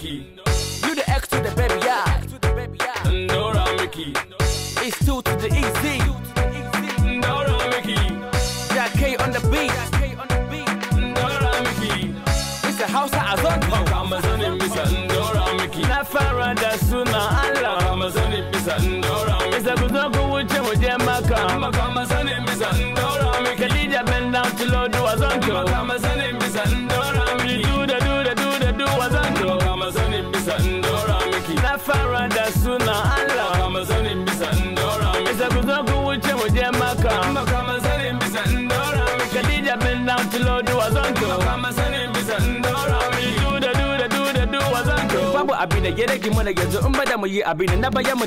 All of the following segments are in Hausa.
Mickey. You the X to the baby, yeah. Dora Mickey. It's two to the EZ. Dora Mickey. That K on the beat. Dora Mickey. It's the house that I don't oh, know. Ramazan in Misa Dora Mickey. Na fara da suna Allah. Ramazan in Misa Dora Mickey. Isa ku zo ku wuce mu je maka. Maka Ramazan in Misa Dora Mickey. Khadija bend down to Lord Wazanko. Maka Ramazan suna Allah ka masanin bisa in dora bisa ku zo ku wuce mu je maka amma ka masanin bisa in dora mi Khadija bin dan tilo duwa zan to ka masanin bisa in dora mi duda duda duda duwa zan to babu abin da gere ki mana yanzu in bada mu yi abin na bayan mu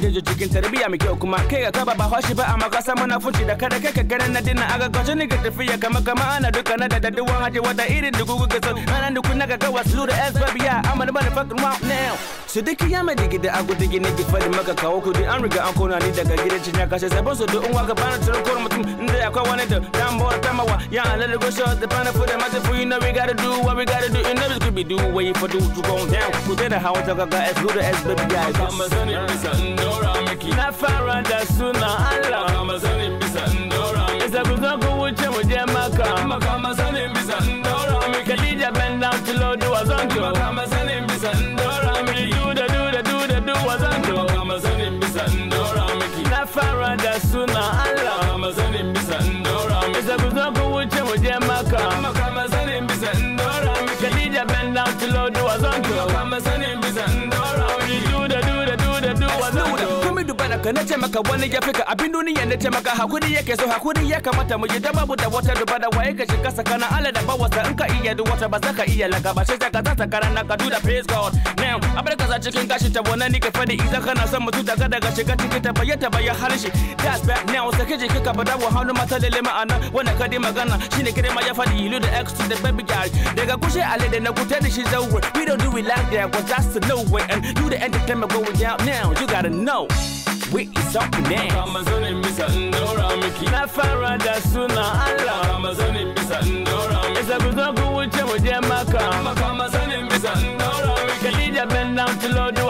kuma kai ga ka ba hoshi ba amma ka san munafunci da kada kai ka ganin na aga kwace ni ga tafiya kama kama ana duka na da daduwan haje wata irin dugugu ga so ana duku na ga gawas lura I'm a na motherfucking wow now so da kiyama digi da aku digi na ki fadi maka kawo kudi an riga an kona ni daga gidan cin ya kashe sabon so da in waka bana tarkon mutum inda akwai wani da dan bawar kamawa ya alala go shot the plan for the matter for you know we gotta do what we gotta do and never could be do way for do to go down in da hawa ta ga as good as baby guys kama sanin bisa ndora miki na fara da suna Allah kama sanin bisa ndora miki ku zo ku wuce mu je maka kama sanin bisa ndora haka na ce maka wani ya fika abin duniya na ce maka hakuri yake so hakuri ya kamata mu yi da babu da wata duba da waye ka shiga sakana ala da bawasa in ka iya duk wata ba za ka iya laka ba sai ka ta sakana na ka duda praise god now abar ka za cikin gashi ta wannan ni ka fadi idan kana son mutu daga daga shiga cikin ta bayyana bayyana harshe that's back now sake jiki ka bada wa hannu mata lele ma'ana wannan ka dai magana shine kire ma ya fadi ilu da x to the baby girl daga kushe ale da na kuta da shi zaure we don't do it like that cause that's the no way and you the entertainment going out now you gotta know we is up next Ramazani bisa ndora miki Nafara da suna Allah Ramazani bisa ndora miki Isa kuzo kuwuce muje maka Ramazani bisa ndora miki Khadija bend down to Lord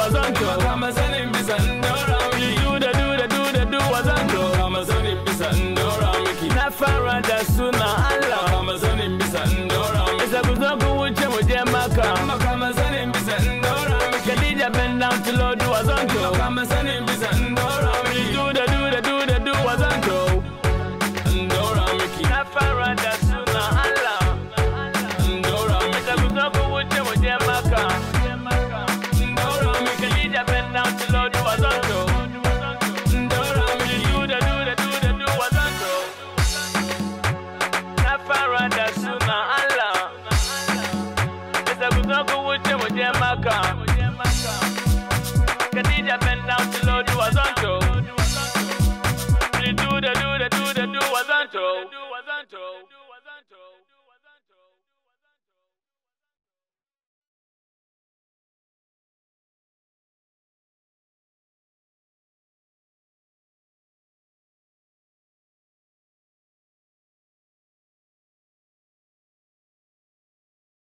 sabu na ku wuce waje maka